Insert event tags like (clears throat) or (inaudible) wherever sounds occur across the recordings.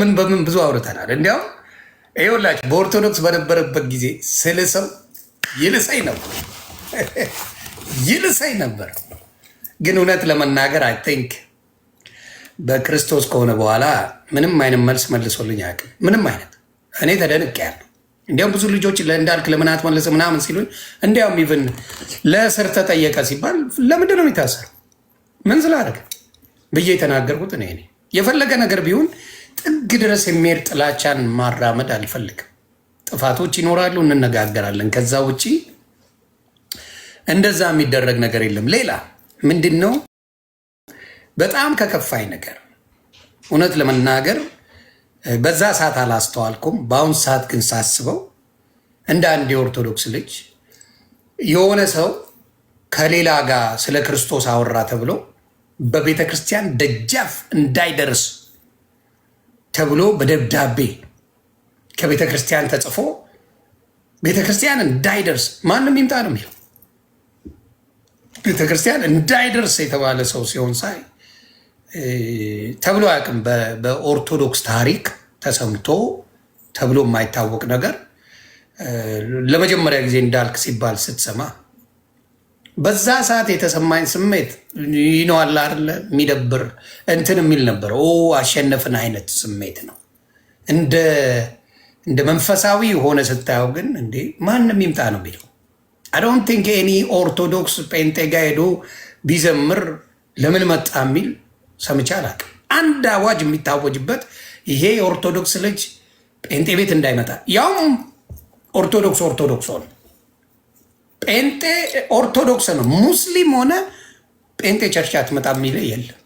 ምን በምን ብዙ አውርተናል። እንዲያውም ይኸውላችሁ በኦርቶዶክስ በነበረበት ጊዜ ስለ ሰው ይልሰኝ ነበር (laughs) ይልሰኝ ነበር። ግን እውነት ለመናገር አይ ቲንክ በክርስቶስ ከሆነ በኋላ ምንም አይነት መልስ መልሶልኝ አያውቅም። ምንም አይነት እኔ ተደንቄያለሁ። እንዲያውም ብዙ ልጆች እንዳልክ ለምን አትመልስ ምናምን ሲሉኝ፣ እንዲያውም ኢቭን ለእስር ተጠየቀ ሲባል ለምንድን ነው የሚታሰር ምን ስላደረገ ብዬ የተናገርኩት እኔ የፈለገ ነገር ቢሆን ጥግ ድረስ የሚሄድ ጥላቻን ማራመድ አልፈልግም። ጥፋቶች ይኖራሉ፣ እንነጋገራለን። ከዛ ውጭ እንደዛ የሚደረግ ነገር የለም። ሌላ ምንድን ነው በጣም ከከፋኝ ነገር እውነት ለመናገር በዛ ሰዓት አላስተዋልኩም። በአሁን ሰዓት ግን ሳስበው እንደ አንድ የኦርቶዶክስ ልጅ የሆነ ሰው ከሌላ ጋር ስለ ክርስቶስ አወራ ተብሎ በቤተ ክርስቲያን ደጃፍ እንዳይደርስ ተብሎ በደብዳቤ ከቤተ ክርስቲያን ተጽፎ ቤተ ክርስቲያን እንዳይደርስ ማንም ይምጣ ነው የሚለው። ቤተ ክርስቲያን እንዳይደርስ የተባለ ሰው ሲሆን ሳይ ተብሎ አያውቅም። በኦርቶዶክስ ታሪክ ተሰምቶ ተብሎ የማይታወቅ ነገር ለመጀመሪያ ጊዜ እንዳልክ ሲባል ስትሰማ በዛ ሰዓት የተሰማኝ ስሜት ይነዋላ አለ የሚደብር እንትን የሚል ነበር። ኦ አሸነፍን አይነት ስሜት ነው። እንደ እንደ መንፈሳዊ የሆነ ስታየው ግን እንዴ ማንም ይምጣ ነው የሚለው። አይ ቲንክ ኤኒ ኦርቶዶክስ ጴንጤ ጋ ሄዶ ቢዘምር ለምን መጣ የሚል ሰምቼ አላውቅም። አንድ አዋጅ የሚታወጅበት ይሄ የኦርቶዶክስ ልጅ ጴንጤ ቤት እንዳይመጣ ያውም ኦርቶዶክስ ኦርቶዶክስ ሆነ ጴንጤ ኦርቶዶክስ ነው። ሙስሊም ሆነ ጴንጤ ቸርች አትመጣ የሚለ የለም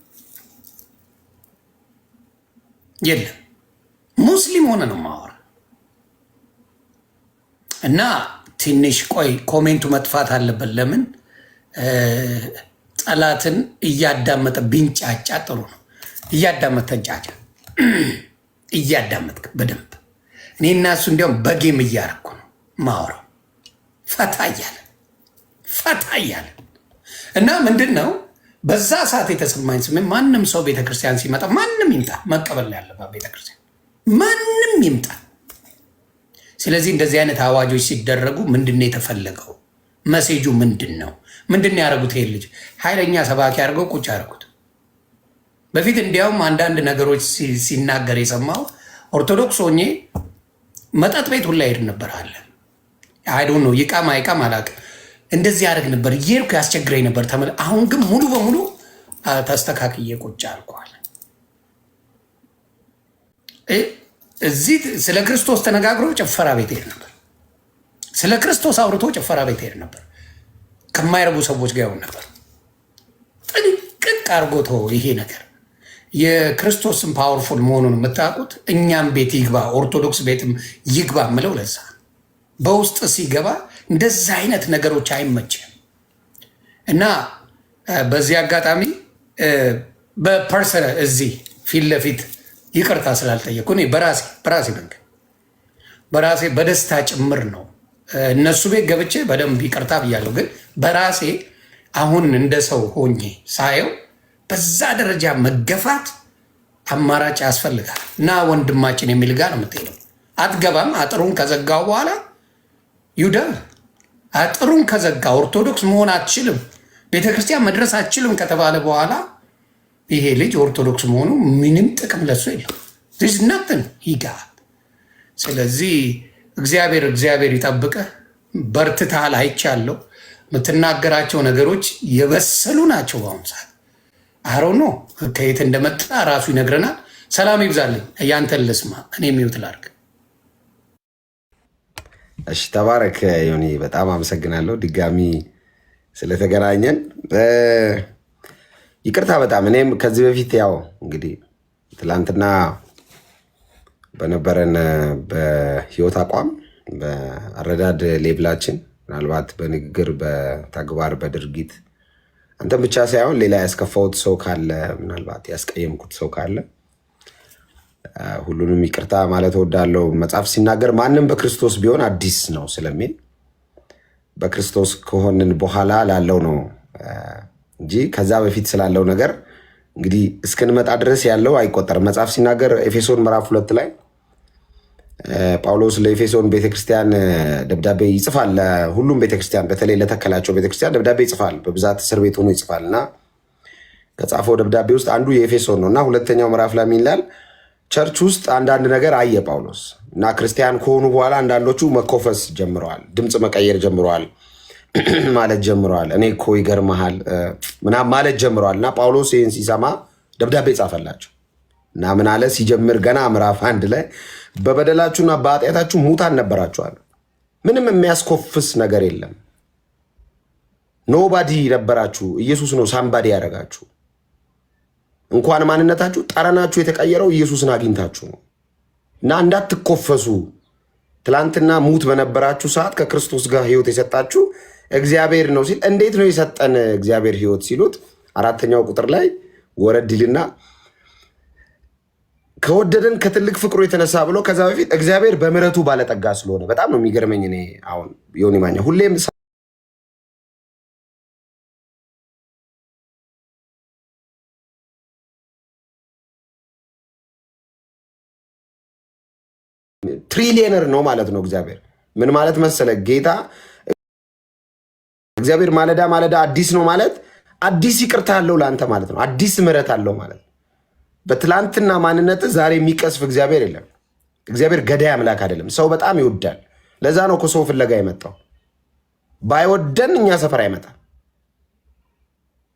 የለም። ሙስሊም ሆነ ነው ማወራ እና ትንሽ ቆይ፣ ኮሜንቱ መጥፋት አለበት። ለምን ጠላትን እያዳመጠ ቢንጫጫ ጥሩ ነው። እያዳመጠ ጫጫ እያዳመጥክ በደንብ እኔ እና እሱ እንዲያውም በጌም እያረኩ ነው ማወራው ፈታ እያለ ፈታ እያለ እና ምንድን ነው በዛ ሰዓት የተሰማኝ ስሜ ማንም ሰው ቤተክርስቲያን ሲመጣ ማንም ይምጣ መቀበል ያለባት ቤተክርስቲያን ማንም ይምጣ። ስለዚህ እንደዚህ አይነት አዋጆች ሲደረጉ ምንድን ነው የተፈለገው? መሴጁ ምንድን ነው? ምንድን ነው ያደረጉት? ይሄ ልጅ ኃይለኛ ሰባኪ አድርገው ቁጭ አደረጉት። በፊት እንዲያውም አንዳንድ ነገሮች ሲናገር የሰማው ኦርቶዶክስ ሆኜ መጠጥ ቤት ሁላ ሄድ ነበር አለ አይዶ ነው ይቃም አይቃም አላውቅም እንደዚህ ያደርግ ነበር እየሄድኩ ያስቸግረኝ ነበር። ተመ አሁን ግን ሙሉ በሙሉ ተስተካክዬ ቁጭ አልኳል። እዚህ ስለ ክርስቶስ ተነጋግሮ ጭፈራ ቤት ሄድ ነበር። ስለ ክርስቶስ አውርቶ ጭፈራ ቤት ሄድ ነበር። ከማይረቡ ሰዎች ጋር ይሆን ነበር። ጥንቅቅ አርጎቶ ይሄ ነገር የክርስቶስን ፓወርፉል መሆኑን የምታውቁት እኛም ቤት ይግባ ኦርቶዶክስ ቤትም ይግባ ምለው ለዛ በውስጥ ሲገባ እንደዛ አይነት ነገሮች አይመችም እና በዚህ አጋጣሚ በፐርሰነ እዚህ ፊት ለፊት ይቅርታ ስላልጠየቁ እኔ በራሴ በራሴ መንገድ በራሴ በደስታ ጭምር ነው እነሱ ቤት ገብቼ በደንብ ይቅርታ ብያለሁ። ግን በራሴ አሁን እንደ ሰው ሆኜ ሳየው በዛ ደረጃ መገፋት አማራጭ ያስፈልጋል እና ወንድማችን የሚል ጋር ነው የምትሄደው። አትገባም። አጥሩን ከዘጋው በኋላ ይውደል አጥሩን ከዘጋ ኦርቶዶክስ መሆን አትችልም፣ ቤተክርስቲያን መድረስ አትችልም ከተባለ በኋላ ይሄ ልጅ ኦርቶዶክስ መሆኑ ምንም ጥቅም ለሱ የለም። ናትን ይጋል። ስለዚህ እግዚአብሔር እግዚአብሔር ይጠብቀ። በርትታል፣ አይቻለሁ። የምትናገራቸው ነገሮች የበሰሉ ናቸው። በአሁኑ ሰዓት አሮ ነው ከየት እንደመጣ ራሱ ይነግረናል። ሰላም ይብዛልኝ። እያንተን ልስማ እኔ ሚውት እሺ ተባረክ ዮኒ፣ በጣም አመሰግናለሁ ድጋሚ ስለተገናኘን። ይቅርታ በጣም እኔም ከዚህ በፊት ያው እንግዲህ ትላንትና በነበረን በህይወት አቋም በአረዳድ ሌብላችን ምናልባት በንግግር በተግባር በድርጊት አንተም ብቻ ሳይሆን ሌላ ያስከፋሁት ሰው ካለ ምናልባት ያስቀየምኩት ሰው ካለ ሁሉንም ይቅርታ ማለት ወዳለው መጽሐፍ ሲናገር ማንም በክርስቶስ ቢሆን አዲስ ነው ስለሚል በክርስቶስ ከሆንን በኋላ ላለው ነው እንጂ ከዛ በፊት ስላለው ነገር እንግዲህ እስክንመጣ ድረስ ያለው አይቆጠርም። መጽሐፍ ሲናገር ኤፌሶን ምዕራፍ ሁለት ላይ ጳውሎስ ለኤፌሶን ቤተክርስቲያን ደብዳቤ ይጽፋል። ለሁሉም ቤተክርስቲያን በተለይ ለተከላቸው ቤተክርስቲያን ደብዳቤ ይጽፋል። በብዛት እስር ቤት ሆኖ ይጽፋል እና ከጻፈው ደብዳቤ ውስጥ አንዱ የኤፌሶን ነው እና ሁለተኛው ምዕራፍ ላይ ይላል? ቸርች ውስጥ አንዳንድ ነገር አየ ጳውሎስ እና ክርስቲያን ከሆኑ በኋላ አንዳንዶቹ መኮፈስ ጀምረዋል፣ ድምፅ መቀየር ጀምረዋል፣ (clears throat) ማለት ጀምረዋል። እኔ እኮ ይገርመሃል ምናምን ማለት ጀምረዋል። እና ጳውሎስ ይህን ሲሰማ ደብዳቤ ጻፈላቸው እና ምን አለ ሲጀምር ገና ምዕራፍ አንድ ላይ በበደላችሁና በኃጢአታችሁ ሙታን ነበራችኋል። ምንም የሚያስኮፍስ ነገር የለም። ኖባዲ ነበራችሁ። ኢየሱስ ነው ሳምባዲ ያደረጋችሁ እንኳን ማንነታችሁ ጠረናችሁ የተቀየረው ኢየሱስን አግኝታችሁ ነው። እና እንዳትኮፈሱ ትላንትና ሙት በነበራችሁ ሰዓት ከክርስቶስ ጋር ህይወት የሰጣችሁ እግዚአብሔር ነው ሲል እንዴት ነው የሰጠን እግዚአብሔር ህይወት ሲሉት አራተኛው ቁጥር ላይ ወረድ ይልና ከወደደን ከትልቅ ፍቅሩ የተነሳ ብሎ ከዛ በፊት እግዚአብሔር በምረቱ ባለጠጋ ስለሆነ በጣም ነው የሚገርመኝ። እኔ አሁን ዮኒ ማኛ ሁሌም ትሪሊየነር ነው ማለት ነው። እግዚአብሔር ምን ማለት መሰለ ጌታ እግዚአብሔር ማለዳ ማለዳ አዲስ ነው ማለት አዲስ ይቅርታ አለው ለአንተ ማለት ነው። አዲስ ምሕረት አለው ማለት በትላንትና ማንነት ዛሬ የሚቀስፍ እግዚአብሔር የለም። እግዚአብሔር ገዳይ አምላክ አይደለም። ሰው በጣም ይወዳል። ለዛ ነው ከሰው ፍለጋ የመጣው። ባይወደን እኛ ሰፈር አይመጣም።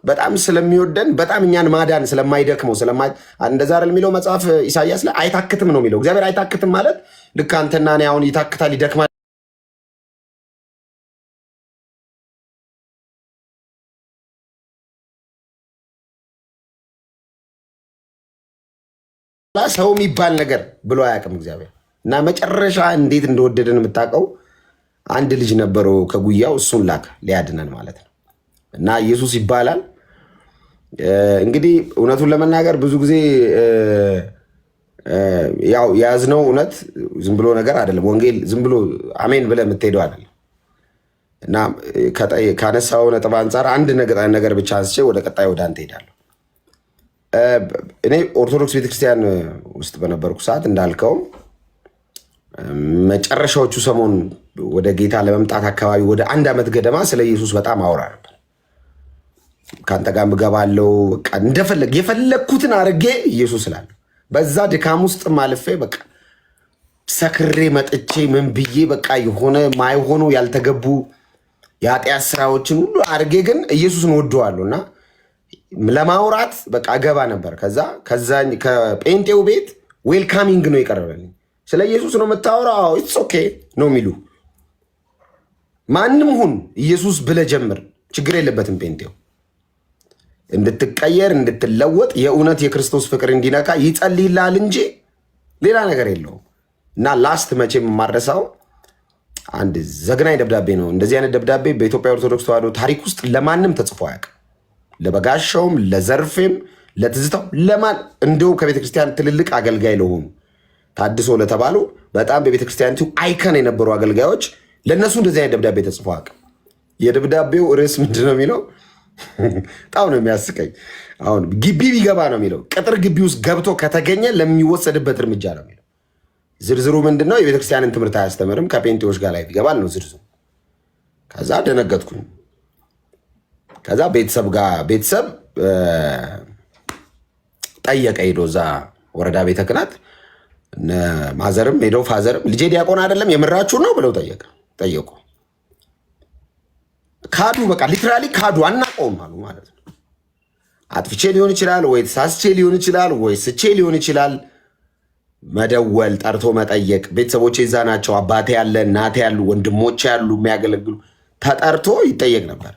በጣም ስለሚወደን በጣም እኛን ማዳን ስለማይደክመው እንደዛ የሚለው መጽሐፍ ኢሳያስ ላይ አይታክትም ነው የሚለው። እግዚአብሔር አይታክትም ማለት ልክ አንተና እኔ አሁን ይታክታል ይደክማል ሰው የሚባል ነገር ብሎ አያውቅም እግዚአብሔር። እና መጨረሻ እንዴት እንደወደደን የምታውቀው አንድ ልጅ ነበረው ከጉያው እሱን ላክ ሊያድነን ማለት ነው። እና ኢየሱስ ይባላል። እንግዲህ እውነቱን ለመናገር ብዙ ጊዜ ያው የያዝነው እውነት ዝም ብሎ ነገር አይደለም። ወንጌል ዝም ብሎ አሜን ብለህ የምትሄደው አይደለም እና ካነሳው ነጥብ አንጻር አንድ ነገር ብቻ አንስቼ ወደ ቀጣይ ወደ አንተ ሄዳለሁ። እኔ ኦርቶዶክስ ቤተክርስቲያን ውስጥ በነበርኩ ሰዓት እንዳልከውም መጨረሻዎቹ ሰሞን ወደ ጌታ ለመምጣት አካባቢ ወደ አንድ ዓመት ገደማ ስለ ኢየሱስ በጣም አውራ ነበር። ከአንተ ጋር ምገባለው በቃ እንደፈለግ የፈለግኩትን አድርጌ ኢየሱስ ስላለሁ በዛ ድካም ውስጥ ማልፌ በቃ ሰክሬ መጥቼ ምን ብዬ በቃ የሆነ ማይሆኑ ያልተገቡ የኃጢአት ስራዎችን ሁሉ አድርጌ ግን ኢየሱስን ወደዋለሁ እና ለማውራት በቃ ገባ ነበር። ከዛ ከዛ ከጴንጤው ቤት ዌልካሚንግ ነው የቀረበልኝ። ስለ ኢየሱስ ነው የምታወራው፣ ኢትስ ኦኬ ነው የሚሉ ማንም ሁን ኢየሱስ ብለህ ጀምር፣ ችግር የለበትም ጴንጤው እንድትቀየር እንድትለወጥ የእውነት የክርስቶስ ፍቅር እንዲነካ ይጸልይልሃል እንጂ ሌላ ነገር የለውም። እና ላስት መቼም የማረሳው አንድ ዘግናኝ ደብዳቤ ነው። እንደዚህ አይነት ደብዳቤ በኢትዮጵያ ኦርቶዶክስ ተዋሕዶ ታሪክ ውስጥ ለማንም ተጽፎ አያውቅም። ለበጋሻውም፣ ለዘርፌም፣ ለትዝታው ለማን እንደው ከቤተ ክርስቲያን ትልልቅ አገልጋይ ለሆኑ ታድሶ ለተባሉ በጣም በቤተ ክርስቲያኒቱ አይከን የነበሩ አገልጋዮች ለእነሱ እንደዚህ አይነት ደብዳቤ ተጽፎ አያውቅም። የደብዳቤው ርዕስ ምንድን ነው የሚለው በጣም (laughs) ነው የሚያስቀኝ። አሁን ግቢ ቢገባ ነው የሚለው፣ ቅጥር ግቢ ውስጥ ገብቶ ከተገኘ ለሚወሰድበት እርምጃ ነው የሚለው። ዝርዝሩ ምንድን ነው? የቤተክርስቲያንን ትምህርት አያስተምርም፣ ከጴንጤዎች ጋር ላይ ቢገባል ነው ዝርዝሩ። ከዛ ደነገጥኩኝ። ከዛ ቤተሰብ ጋር ቤተሰብ ጠየቀ ሄዶ እዛ ወረዳ ቤተ ክህነት ማዘርም ሄደው ፋዘርም ልጄ ዲያቆን አይደለም የምራችሁ ነው ብለው ጠየቀ ጠየቁ ካዱ። በቃ ሊትራሊ ካዱ። አናውቀውም አሉ ማለት ነው። አጥፍቼ ሊሆን ይችላል ወይ ተሳስቼ ሊሆን ይችላል ወይ ስቼ ሊሆን ይችላል። መደወል፣ ጠርቶ መጠየቅ። ቤተሰቦቼ እዛ ናቸው፣ አባቴ ያለ፣ እናቴ ያሉ፣ ወንድሞች ያሉ የሚያገለግሉ ተጠርቶ ይጠየቅ ነበር።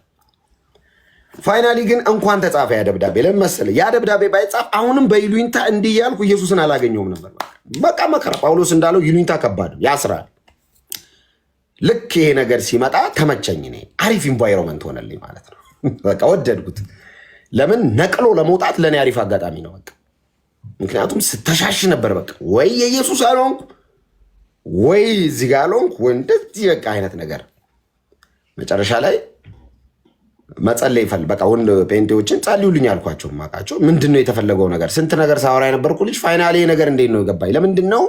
ፋይናሊ ግን እንኳን ተጻፈ ያ ደብዳቤ። ለምን መሰለህ? ያ ደብዳቤ ባይጻፍ አሁንም በይሉኝታ እንዲህ እያልኩ ኢየሱስን አላገኘውም ነበር። በቃ መከራ። ጳውሎስ እንዳለው ይሉኝታ ከባድ ያስራል። ልክ ይሄ ነገር ሲመጣ ተመቸኝ። እኔ አሪፍ ኢንቫይሮመንት ሆነልኝ ማለት ነው። (laughs) በቃ ወደድኩት። ለምን ነቅሎ ለመውጣት ለእኔ አሪፍ አጋጣሚ ነው። በቃ ምክንያቱም ስተሻሽ ነበር። በቃ ወይ የኢየሱስ አልሆንኩ ወይ እዚህ ጋ አልሆንኩ ወይ እንደዚህ በቃ አይነት ነገር መጨረሻ ላይ መጸለይ ይፈል በቃ ወንድ ጴንጤዎችን ጸልዩልኝ አልኳቸው። ማቃቸው ምንድን ነው የተፈለገው ነገር? ስንት ነገር ሳወራ የነበርኩ ልጅ ፋይናሌ ነገር እንዴት ነው የገባኝ? ለምንድን ነው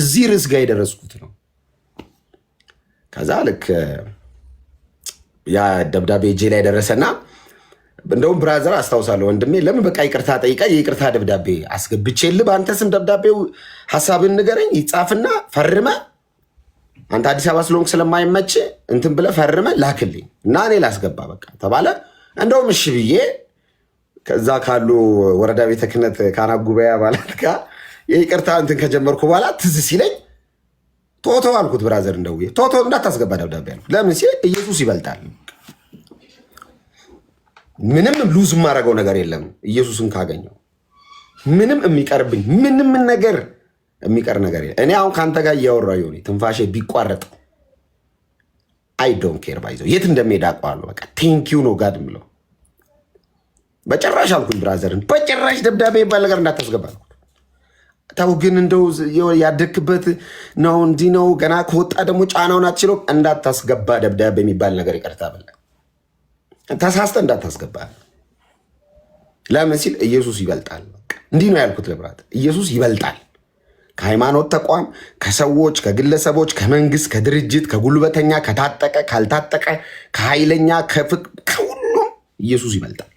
እዚህ ርዕስ ጋር የደረስኩት ነው ከዛ ልክ ያ ደብዳቤ እጄ ላይ ደረሰና እንደውም ብራዘር አስታውሳለሁ ወንድሜ ለምን በቃ ይቅርታ ጠይቃ የይቅርታ ደብዳቤ አስገብቼልህ በአንተ ስም ደብዳቤው ሀሳብን ንገረኝ ይጻፍና ፈርመ አንተ አዲስ አበባ ስለሆንክ ስለማይመች እንትን ብለህ ፈርመ ላክልኝ እና እኔ ላስገባ በቃ ተባለ። እንደውም እሺ ብዬ ከዛ ካሉ ወረዳ ቤተ ክህነት ካህናት ጉባኤ አባላት ጋር የይቅርታ እንትን ከጀመርኩ በኋላ ትዝ ሲለኝ ቶቶ አልኩት፣ ብራዘር እንደው ቶቶ እንዳታስገባ ደብዳቤ አልኩት። ለምን ሲል ኢየሱስ ይበልጣል። ምንም ሉዝ የማደርገው ነገር የለም። ኢየሱስን ካገኘው ምንም የሚቀርብኝ ምንም ነገር የሚቀር ነገር የለም። እኔ አሁን ከአንተ ጋር እያወራ ሆኔ ትንፋሼ ቢቋረጥ አይ ዶን ኬር ባይዘው የት እንደሚሄድ አውቀዋለሁ። በቃ ቴንኪዩ ነው ጋድ ምለው በጭራሽ አልኩኝ ብራዘርን በጭራሽ ደብዳቤ የሚባል ነገር እንዳታስገባ ነው። ተው ግን እንደው ያደግክበት ነው እንዲህ ነው። ገና ከወጣ ደግሞ ጫናውን አችለው እንዳታስገባ ደብዳቤ የሚባል ነገር ይቀርታ ብላ ተሳስተ እንዳታስገባ። ለምን ሲል ኢየሱስ ይበልጣል። እንዲህ ነው ያልኩት ለብራት ኢየሱስ ይበልጣል። ከሃይማኖት ተቋም፣ ከሰዎች፣ ከግለሰቦች፣ ከመንግስት፣ ከድርጅት፣ ከጉልበተኛ፣ ከታጠቀ፣ ካልታጠቀ፣ ከኃይለኛ፣ ከፍቅ ከሁሉም ኢየሱስ ይበልጣል።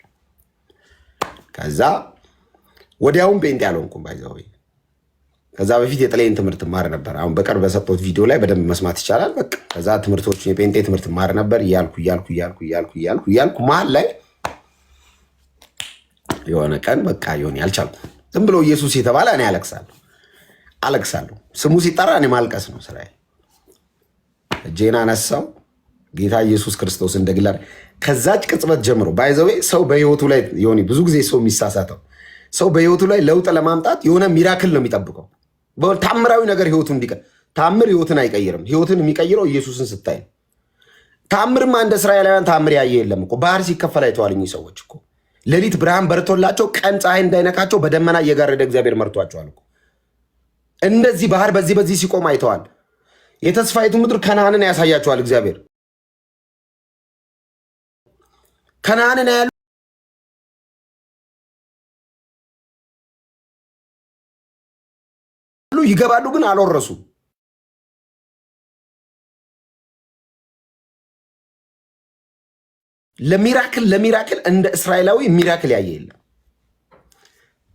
ከዛ ወዲያውም ጴንጤ አልሆንኩም ባይዘ ከዛ በፊት የጥላዬን ትምህርት ማር ነበር። አሁን በቅርብ በሰጠሁት ቪዲዮ ላይ በደንብ መስማት ይቻላል። በቃ ከዛ ትምህርቶቹ የጴንጤ ትምህርት ማር ነበር እያልኩ እያልኩ እያልኩ እያልኩ እያልኩ እያልኩ መሀል ላይ የሆነ ቀን በቃ ይሆን ያልቻልኩት ዝም ብሎ ኢየሱስ የተባለ እኔ አለቅሳለሁ አለቅሳለሁ። ስሙ ሲጠራ እኔ ማልቀስ ነው ስራዬ። እጄን አነሳው ጌታ ኢየሱስ ክርስቶስ እንደግላ ከዛች ቅጽበት ጀምሮ ባይዘዌ ሰው በህይወቱ ላይ የሆነ ብዙ ጊዜ ሰው የሚሳሳተው ሰው በህይወቱ ላይ ለውጥ ለማምጣት የሆነ ሚራክል ነው የሚጠብቀው ታምራዊ ነገር ህይወቱ እንዲቀር ታምር ህይወትን አይቀይርም። ህይወትን የሚቀይረው ኢየሱስን ስታይ ታምርማ እንደ እስራኤላውያን ታምር ያየ የለም እኮ ባህር ሲከፈል አይተዋል እኚህ ሰዎች እኮ ሌሊት ብርሃን በርቶላቸው ቀን ፀሐይ እንዳይነካቸው በደመና እየጋረደ እግዚአብሔር መርቷቸዋል እኮ እንደዚህ ባህር በዚህ በዚህ ሲቆም አይተዋል። የተስፋይቱ ምድር ከነዓንን ያሳያቸዋል እግዚአብሔር ከነዓንን ያሉ ይገባሉ፣ ግን አልወረሱ። ለሚራክል ለሚራክል እንደ እስራኤላዊ ሚራክል ያየ የለም።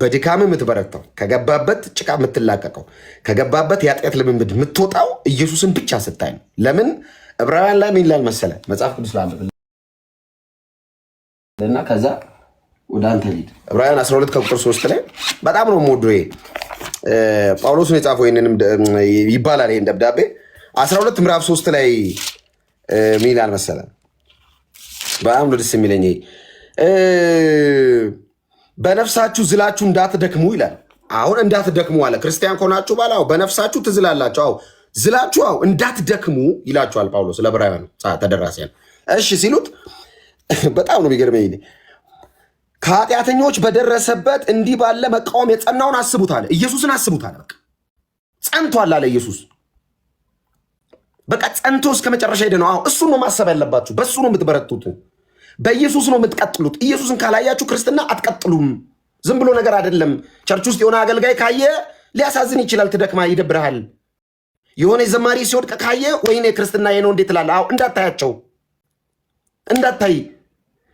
በድካም የምትበረታው ከገባበት ጭቃ የምትላቀቀው ከገባበት የአጥያት ልምምድ የምትወጣው ኢየሱስን ብቻ ስታይ ነው። ለምን ዕብራውያን ላይ ምን ይላል መሰለ መጽሐፍ ቅዱስ ላለና ከዛ ወደ አንተ ሂድ ዕብራውያን 12 ከቁጥር 3 ላይ በጣም ነው የምወደው ይሄ ጳውሎስ ነው የጻፈው ይህንንም ይባላል። ይህን ደብዳቤ አስራ ሁለት ምዕራፍ ሶስት ላይ ሚል አልመሰለም። በጣም ነው ደስ የሚለኝ በነፍሳችሁ ዝላችሁ እንዳትደክሙ ይላል። አሁን እንዳትደክሙ አለ። ክርስቲያን ከሆናችሁ በኋላ በነፍሳችሁ ትዝላላችሁ። አዎ ዝላችሁ፣ አዎ እንዳትደክሙ ይላችኋል ጳውሎስ ለዕብራውያን ተደራሲያን። እሺ ሲሉት በጣም ነው የሚገርመኝ ከኃጢአተኞች በደረሰበት እንዲህ ባለ መቃወም የጸናውን አስቡት አለ። ኢየሱስን አስቡት አለ። በቃ ጸንቷል አለ ኢየሱስ። በቃ ጸንቶ እስከ መጨረሻ ሄደ ነው። አሁን እሱን ነው ማሰብ ያለባችሁ። በእሱ ነው የምትበረቱት። በኢየሱስ ነው የምትቀጥሉት። ኢየሱስን ካላያችሁ ክርስትና አትቀጥሉም። ዝም ብሎ ነገር አይደለም። ቸርች ውስጥ የሆነ አገልጋይ ካየ ሊያሳዝን ይችላል። ትደክማ፣ ይደብረሃል። የሆነ ዘማሪ ሲወድቅ ካየ ወይኔ ክርስትና ነው እንዴት አሁ እንዳታያቸው፣ እንዳታይ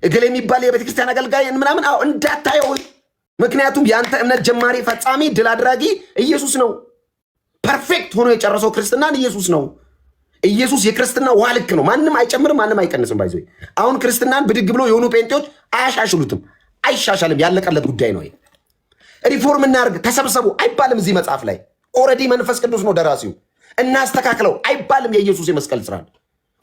እገሌ የሚባል የቤተክርስቲያን አገልጋይ ምናምን አዎ እንዳታየው። ምክንያቱም የአንተ እምነት ጀማሪ፣ ፈጻሚ፣ ድል አድራጊ ኢየሱስ ነው። ፐርፌክት ሆኖ የጨረሰው ክርስትናን ኢየሱስ ነው። ኢየሱስ የክርስትና ውሃ ልክ ነው። ማንም አይጨምርም፣ ማንም አይቀንስም። ባይዘ አሁን ክርስትናን ብድግ ብሎ የሆኑ ጴንጤዎች አያሻሽሉትም፣ አይሻሻልም። ያለቀለት ጉዳይ ነው። ሪፎርም እናርግ፣ ተሰብሰቡ አይባልም። እዚህ መጽሐፍ ላይ ኦልሬዲ መንፈስ ቅዱስ ነው ደራሲው። እናስተካክለው አይባልም። የኢየሱስ የመስቀል ስራ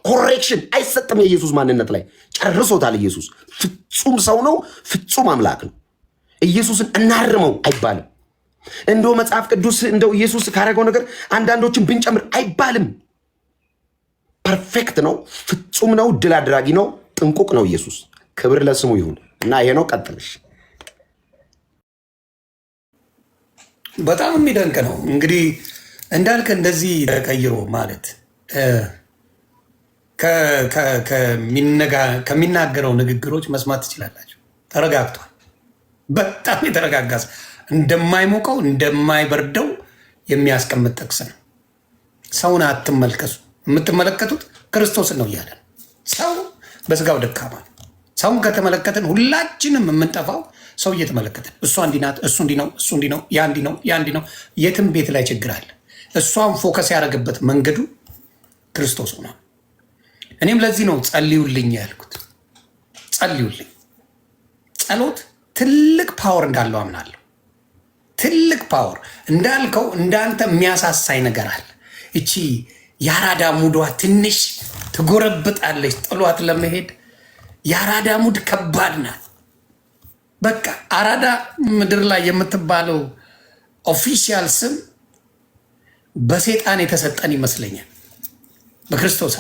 ኮሬክሽን አይሰጥም። የኢየሱስ ማንነት ላይ ጨርሶታል። ኢየሱስ ፍጹም ሰው ነው፣ ፍጹም አምላክ ነው። ኢየሱስን እናርመው አይባልም። እንደው መጽሐፍ ቅዱስ እንደው ኢየሱስ ካደረገው ነገር አንዳንዶችን ብንጨምር አይባልም። ፐርፌክት ነው፣ ፍጹም ነው፣ ድል አድራጊ ነው፣ ጥንቁቅ ነው ኢየሱስ። ክብር ለስሙ ይሁን እና ይሄ ነው ቀጥልሽ። በጣም የሚደንቅ ነው እንግዲህ እንዳልክ እንደዚህ ተቀይሮ ማለት ከሚናገረው ንግግሮች መስማት ትችላላቸው ተረጋግቷል። በጣም የተረጋጋ እንደማይሞቀው እንደማይበርደው የሚያስቀምጥ ጥቅስ ነው። ሰውን አትመልከሱ። የምትመለከቱት ክርስቶስን ነው እያለ ሰው በስጋው ደካማ ሰውን ከተመለከትን ሁላችንም የምንጠፋው ሰው እየተመለከትን እሷ እንዲህ እሱ እንዲህ ነው፣ እሱ እንዲህ ነው፣ ያ ነው፣ ያ ነው። የትም ቤት ላይ ችግር አለ። እሷን ፎከስ ያደረገበት መንገዱ ክርስቶስ ሆኗል። እኔም ለዚህ ነው ጸልዩልኝ ያልኩት። ጸልዩልኝ። ጸሎት ትልቅ ፓወር እንዳለው አምናለሁ። ትልቅ ፓወር እንዳልከው እንዳንተ የሚያሳሳይ ነገር አለ። እቺ የአራዳ ሙዷ ትንሽ ትጎረብጣለች ጥሏት ለመሄድ። የአራዳ ሙድ ከባድ ናት። በቃ አራዳ ምድር ላይ የምትባለው ኦፊሻል ስም በሴጣን የተሰጠን ይመስለኛል በክርስቶስ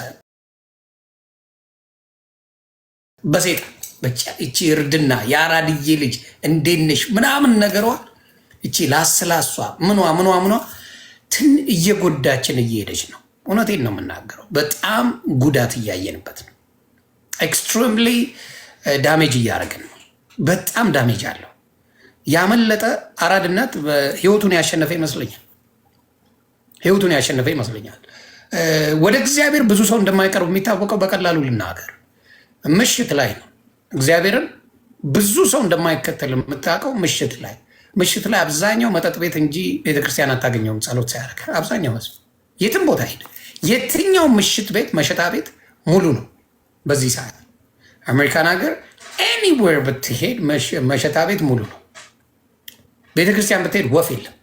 በሴጣን እቺ እርድና የአራድዬ ልጅ እንዴነሽ ምናምን ነገሯ እቺ ላስላሷ ምኗ ምኗ ምኗ ትን እየጎዳችን እየሄደች ነው። እውነቴን ነው የምናገረው። በጣም ጉዳት እያየንበት ነው። ኤክስትሪምሊ ዳሜጅ እያደረግን ነው። በጣም ዳሜጅ አለው። ያመለጠ አራድነት ህይወቱን ያሸነፈ ይመስለኛል። ህይወቱን ያሸነፈ ይመስለኛል። ወደ እግዚአብሔር ብዙ ሰው እንደማይቀርብ የሚታወቀው በቀላሉ ልናገር ምሽት ላይ ነው። እግዚአብሔርን ብዙ ሰው እንደማይከተል የምታውቀው ምሽት ላይ ምሽት ላይ አብዛኛው መጠጥ ቤት እንጂ ቤተክርስቲያን አታገኘውም። ጸሎት ሳያደርግ አብዛኛው ህዝብ የትም ቦታ ሄደ፣ የትኛው ምሽት ቤት መሸታ ቤት ሙሉ ነው። በዚህ ሰዓት አሜሪካን ሀገር ኤኒዌር ብትሄድ መሸታ ቤት ሙሉ ነው። ቤተክርስቲያን ብትሄድ ወፍ የለም።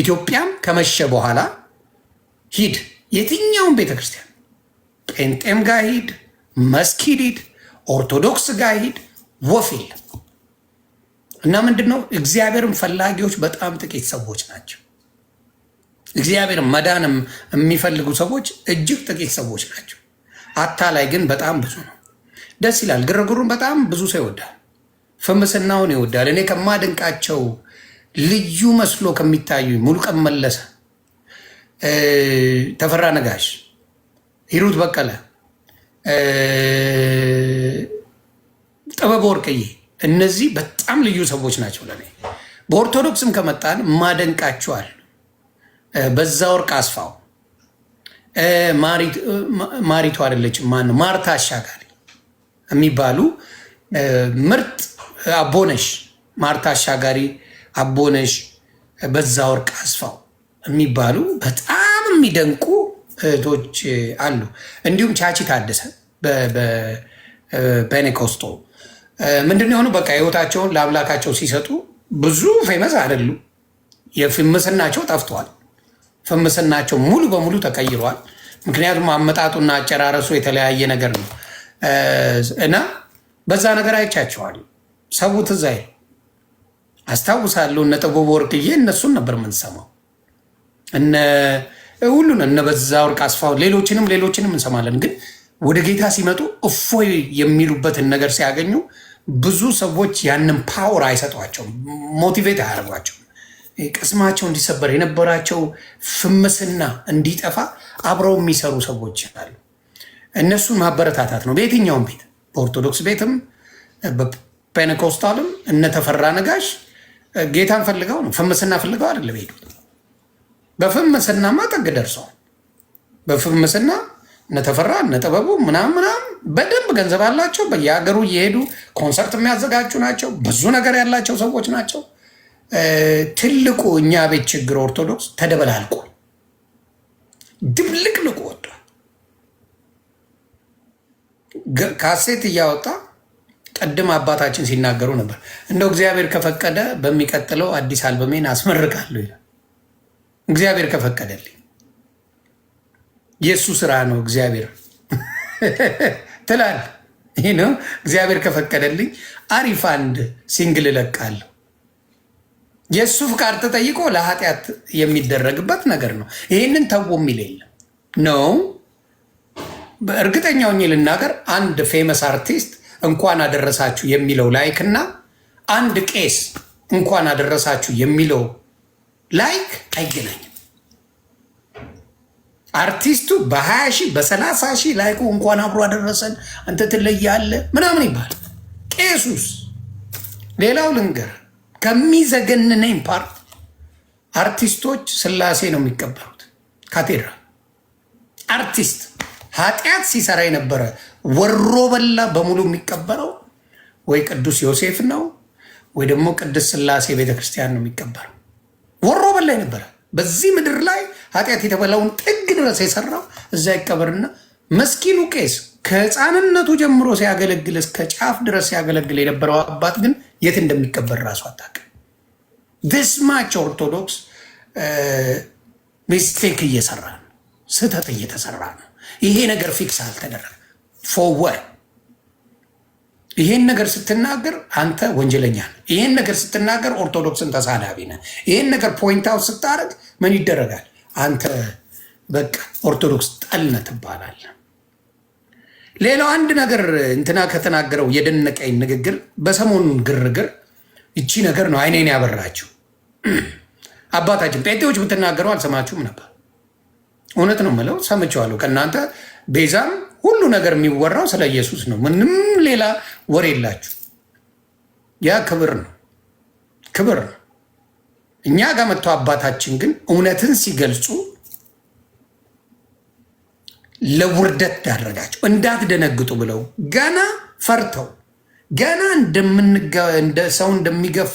ኢትዮጵያም ከመሸ በኋላ ሂድ፣ የትኛውም ቤተክርስቲያን ጴንጤም ጋር ሂድ መስኪድ ሂድ፣ ኦርቶዶክስ ጋ ሂድ፣ ወፍ የለም። እና ምንድን ነው እግዚአብሔርን ፈላጊዎች በጣም ጥቂት ሰዎች ናቸው። እግዚአብሔር መዳንም የሚፈልጉ ሰዎች እጅግ ጥቂት ሰዎች ናቸው። አታ ላይ ግን በጣም ብዙ ነው። ደስ ይላል። ግርግሩን በጣም ብዙ ሰው ይወዳል። ፍምስናውን ይወዳል። እኔ ከማደንቃቸው ልዩ መስሎ ከሚታዩ ሙሉቀን መለሰ፣ ተፈራ ነጋሽ፣ ሂሩት በቀለ ጥበብ ወርቅዬ እነዚህ በጣም ልዩ ሰዎች ናቸው ለኔ። በኦርቶዶክስም ከመጣን ማደንቃቸዋል። በዛ ወርቅ አስፋው ማሪቱ አደለች ማን ማርታ አሻጋሪ የሚባሉ ምርጥ አቦነሽ ማርታ አሻጋሪ አቦነሽ በዛ ወርቅ አስፋው የሚባሉ በጣም የሚደንቁ እህቶች አሉ። እንዲሁም ቻቺ ታደሰ በፔኔኮስቶ ምንድን የሆኑ በቃ ህይወታቸውን ለአምላካቸው ሲሰጡ ብዙ ፌመስ አይደሉ። የፍምስናቸው ጠፍተዋል። ፍምስናቸው ሙሉ በሙሉ ተቀይሯል። ምክንያቱም አመጣጡና አጨራረሱ የተለያየ ነገር ነው እና በዛ ነገር አይቻቸዋል። ሰው ትዝ አስታውሳለሁ እነ ጥበቡ ወርቅዬ እነሱን ነበር የምንሰማው። እነ ሁሉን እነ በዛ ወርቅ አስፋው ሌሎችንም ሌሎችንም እንሰማለን ግን ወደ ጌታ ሲመጡ እፎይ የሚሉበትን ነገር ሲያገኙ ብዙ ሰዎች ያንን ፓወር አይሰጧቸውም፣ ሞቲቬት አያደርጓቸውም። ቅስማቸው እንዲሰበር የነበራቸው ፍምስና እንዲጠፋ አብረው የሚሰሩ ሰዎች አሉ። እነሱን ማበረታታት ነው በየትኛውም ቤት፣ በኦርቶዶክስ ቤትም በፔንቴኮስታልም እነተፈራ ነጋሽ ጌታን ፈልገው ነው ፍምስና ፈልገው አይደለም ሄዱ። በፍምስናማ ደርሰዋል። በፍምስና እነተፈራ እነጥበቡ ምናም ምናም በደንብ ገንዘብ አላቸው። በየሀገሩ እየሄዱ ኮንሰርት የሚያዘጋጁ ናቸው። ብዙ ነገር ያላቸው ሰዎች ናቸው። ትልቁ እኛ ቤት ችግር ኦርቶዶክስ ተደበላልቆ ልቁ ወጥቷል። ካሴት እያወጣ ቅድም አባታችን ሲናገሩ ነበር። እንደው እግዚአብሔር ከፈቀደ በሚቀጥለው አዲስ አልበሜን አስመርቃለሁ ይላል። እግዚአብሔር ከፈቀደልኝ የእሱ ስራ ነው እግዚአብሔር ትላል። ይህ ነው እግዚአብሔር ከፈቀደልኝ አሪፍ አንድ ሲንግል እለቃለሁ። የእሱ ፍቃድ ተጠይቆ ለኃጢአት የሚደረግበት ነገር ነው። ይህንን ተው የሚል የለም ነው። እርግጠኛው ሆኜ ልናገር፣ አንድ ፌመስ አርቲስት እንኳን አደረሳችሁ የሚለው ላይክ እና አንድ ቄስ እንኳን አደረሳችሁ የሚለው ላይክ አይገናኝም። አርቲስቱ በሀያ ሺህ በሰላሳ ሺህ ላይኩ እንኳን አብሮ አደረሰን አንተ ትለያለህ ምናምን ይባል። ቄሱስ ሌላው ልንገር ከሚዘገንነኝ ፓርት አርቲስቶች ስላሴ ነው የሚቀበሩት። ካቴድራል አርቲስት ኃጢአት ሲሰራ የነበረ ወሮ በላ በሙሉ የሚቀበረው ወይ ቅዱስ ዮሴፍ ነው ወይ ደግሞ ቅድስት ስላሴ ቤተክርስቲያን ነው የሚቀበረው። ወሮ በላ የነበረ በዚህ ምድር ላይ ኃጢአት የተበላውን ጥግ ድረስ የሰራው እዛ ይቀበርና መስኪኑ ቄስ ከህፃንነቱ ጀምሮ ሲያገለግል እስከ ጫፍ ድረስ ሲያገለግል የነበረው አባት ግን የት እንደሚቀበር ራሱ አታውቅም። ስማች ኦርቶዶክስ ሚስቴክ እየሰራ ነው፣ ስህተት እየተሰራ ነው። ይሄ ነገር ፊክስ አልተደረገ ፎወር ይሄን ነገር ስትናገር አንተ ወንጀለኛ ነህ። ይሄን ነገር ስትናገር ኦርቶዶክስን ተሳዳቢ ነህ። ይሄን ነገር ፖይንት አውት ስታደርግ ምን ይደረጋል? አንተ በቃ ኦርቶዶክስ ጠልነ ትባላል። ሌላው አንድ ነገር እንትና ከተናገረው የደነቀኝ ንግግር በሰሞኑን ግርግር እቺ ነገር ነው አይኔን ያበራችው። አባታችን ጴንጤዎች ብትናገሩ አልሰማችሁም ነበር። እውነት ነው ምለው ሰምቼዋለሁ። ከእናንተ ቤዛም ሁሉ ነገር የሚወራው ስለ ኢየሱስ ነው። ምንም ሌላ ወሬ የላችሁ። ያ ክብር ነው፣ ክብር ነው። እኛ ጋር መጥቶ አባታችን ግን እውነትን ሲገልጹ ለውርደት ዳረጋቸው። እንዳትደነግጡ ብለው ገና ፈርተው ገና ሰው እንደሚገፋ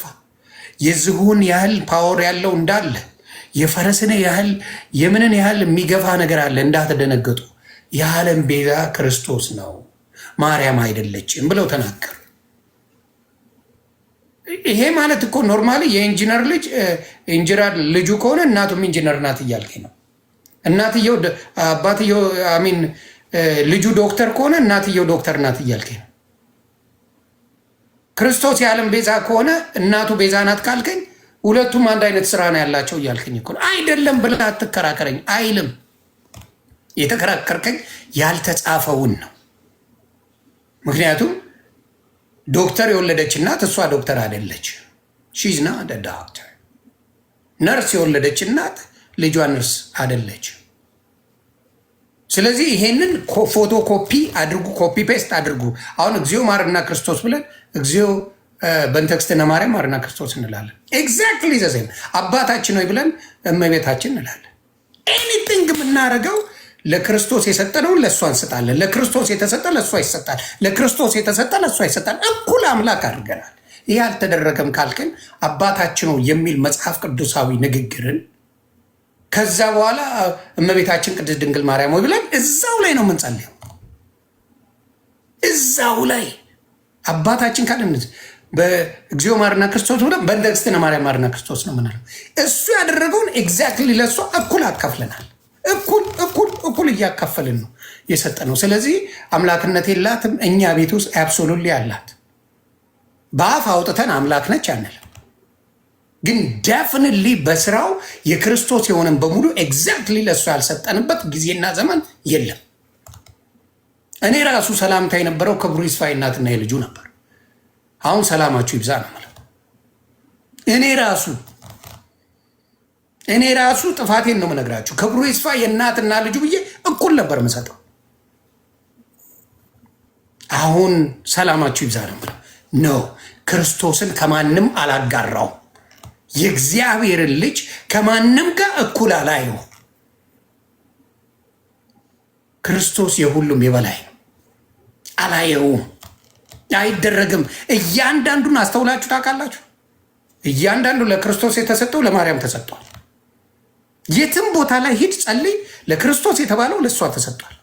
የዝሁን ያህል ፓወር ያለው እንዳለ የፈረስን ያህል የምንን ያህል የሚገፋ ነገር አለ። እንዳትደነግጡ የዓለም ቤዛ ክርስቶስ ነው፣ ማርያም አይደለችም ብለው ተናገሩ። ይሄ ማለት እኮ ኖርማሊ የኢንጂነር ልጅ ኢንጂነር ልጁ ከሆነ እናቱም ኢንጂነር ናት እያልከኝ ነው። እናትየው አባትየው አሚን ልጁ ዶክተር ከሆነ እናትየው ዶክተር ናት እያልከኝ ነው። ክርስቶስ የዓለም ቤዛ ከሆነ እናቱ ቤዛ ናት ካልከኝ ሁለቱም አንድ አይነት ስራ ነው ያላቸው እያልከኝ እኮ አይደለም ብለህ አትከራከረኝ አይልም። የተከራከርከኝ ያልተጻፈውን ነው ምክንያቱም ዶክተር የወለደች እናት እሷ ዶክተር አይደለች። ሺዝ ናት ዶክተር። ነርስ የወለደች እናት ልጇ ነርስ አይደለች። ስለዚህ ይሄንን ፎቶ ኮፒ አድርጉ፣ ኮፒ ፔስት አድርጉ። አሁን እግዚኦ ማርና ክርስቶስ ብለን እግዚኦ በንተክስትነ ማርያም ማርና ክርስቶስ እንላለን። ኤግዛክትሊ ዘሴም አባታችን ወይ ብለን እመቤታችን እንላለን። ኤኒቲንግ የምናደርገው ለክርስቶስ የሰጠነውን ለእሱ አንስጣለን። ለክርስቶስ የተሰጠ ለእሱ ይሰጣል። ለክርስቶስ የተሰጠ ለእሱ ይሰጣል። እኩል አምላክ አድርገናል። ይህ አልተደረገም ካልክን አባታችን ነው የሚል መጽሐፍ ቅዱሳዊ ንግግርን ከዛ በኋላ እመቤታችን ቅድስት ድንግል ማርያም ወይ ብለን እዛው ላይ ነው የምንጸልየው። እዛው ላይ አባታችን ካልነት በእግዚኦ ማርና ክርስቶስ ብለን በንደግስትነ እግዝእትነ ማርያም ማርና ክርስቶስ ነው ምንለው። እሱ ያደረገውን ኤግዛክትሊ ለእሷ እኩል አካፍለናል። እኩል እኩል እኩል እያካፈልን ነው የሰጠ ነው። ስለዚህ አምላክነት የላትም እኛ ቤት ውስጥ አብሶሉሊ አላት። በአፍ አውጥተን አምላክ ነች አንል፣ ግን ደፍንሊ በስራው የክርስቶስ የሆነን በሙሉ ኤግዛክትሊ ለእሱ ያልሰጠንበት ጊዜና ዘመን የለም። እኔ ራሱ ሰላምታ የነበረው ክብሩ ይስፋ እናትና የልጁ ነበር። አሁን ሰላማችሁ ይብዛ ነው እኔ ራሱ እኔ ራሱ ጥፋቴን ነው የምነግራችሁ። ክብሩ ይስፋ የእናትና ልጁ ብዬ እኩል ነበር የምሰጠው። አሁን ሰላማችሁ ይብዛ ነው ነው። ክርስቶስን ከማንም አላጋራውም። የእግዚአብሔርን ልጅ ከማንም ጋር እኩል አላየው። ክርስቶስ የሁሉም የበላይ ነው። አላየውም፣ አይደረግም። እያንዳንዱን አስተውላችሁ ታውቃላችሁ። እያንዳንዱ ለክርስቶስ የተሰጠው ለማርያም ተሰጥቷል። የትም ቦታ ላይ ሂድ ጸልይ። ለክርስቶስ የተባለው ለእሷ ተሰጥቷል።